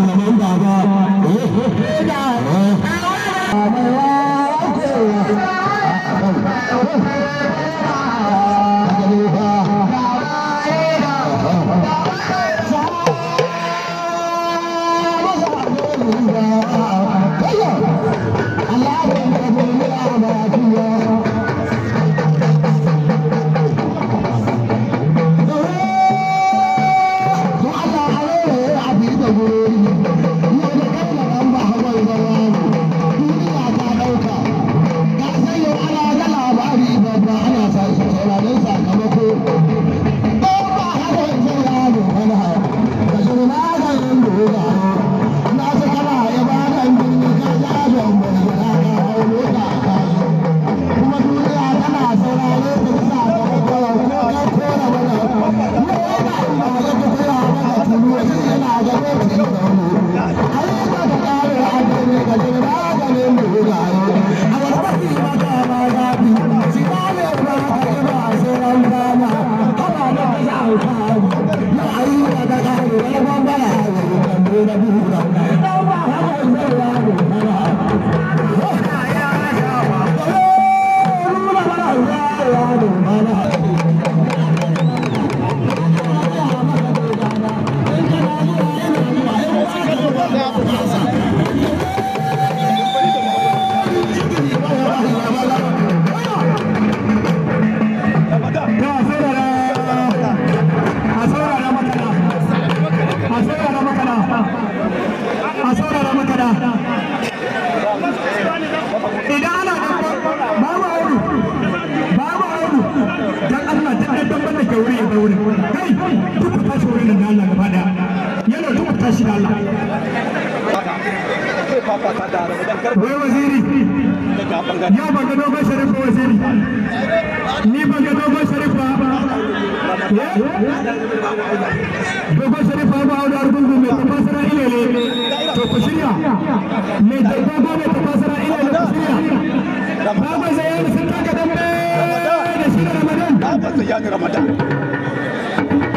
我们打个和平之战。apa? apa? ramadan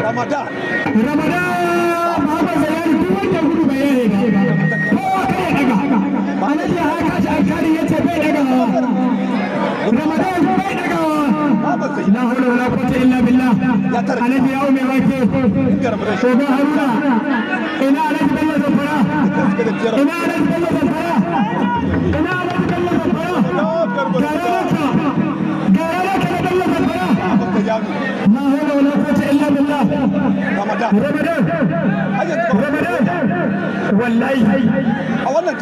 ramadan ramadan bai dagawa ramadan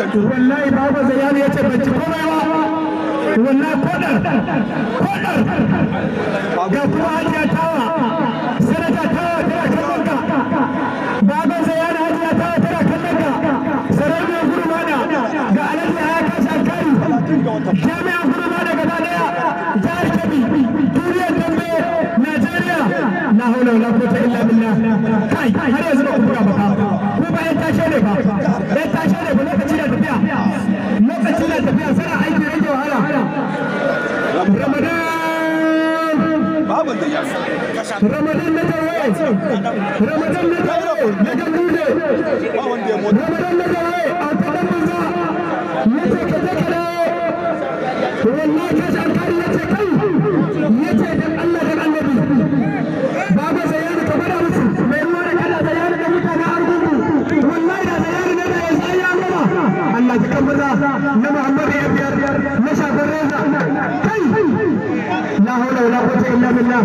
wallahi baba zayani yace ban ci komai ba wallahi kodar kodar ga kuma hajiya tawa sanata tawa tana kallon ka baba zayani ga alhaji ayaka shakari jami'an dambe najeriya na haula wala kai ramadan na tawaye ramadan na tawaye ya gandude ramadan na tawaye a kadan maza ya ce ka je ka wallahi ka ji alkali ya ce kai ya ce dan Allah dan annabi baba zayani ka bada musu mai ruwa da kada zayani da mutane argungu wallahi da zayani ne da ya tsaya mana Allah ji kan maza na Muhammadu ya biyar na shafin reza kai la haula wala quwwata illa billah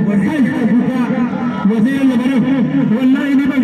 ba zai fita ba zai yi ba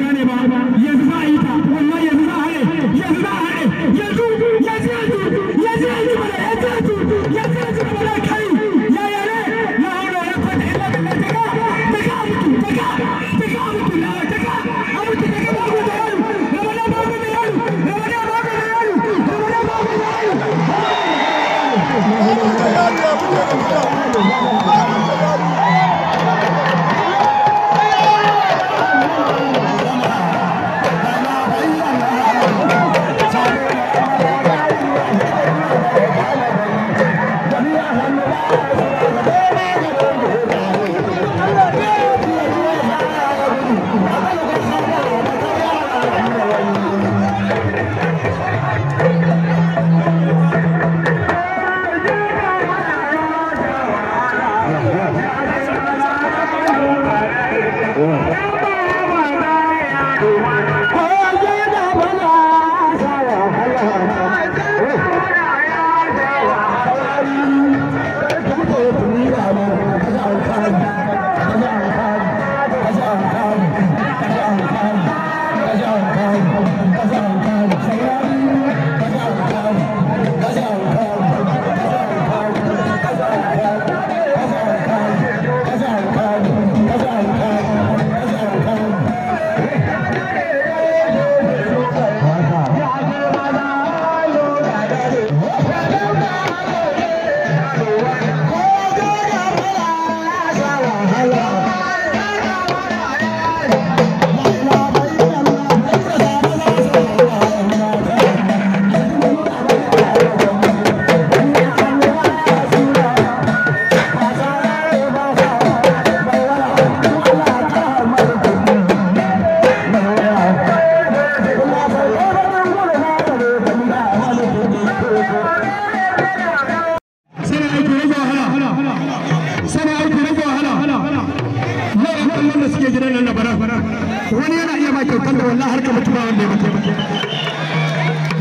wani yana iya ba kyautar da wannan har ka mutu ba wanda ya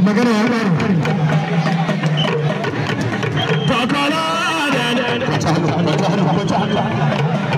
magana ya ƙare ta kala da da ta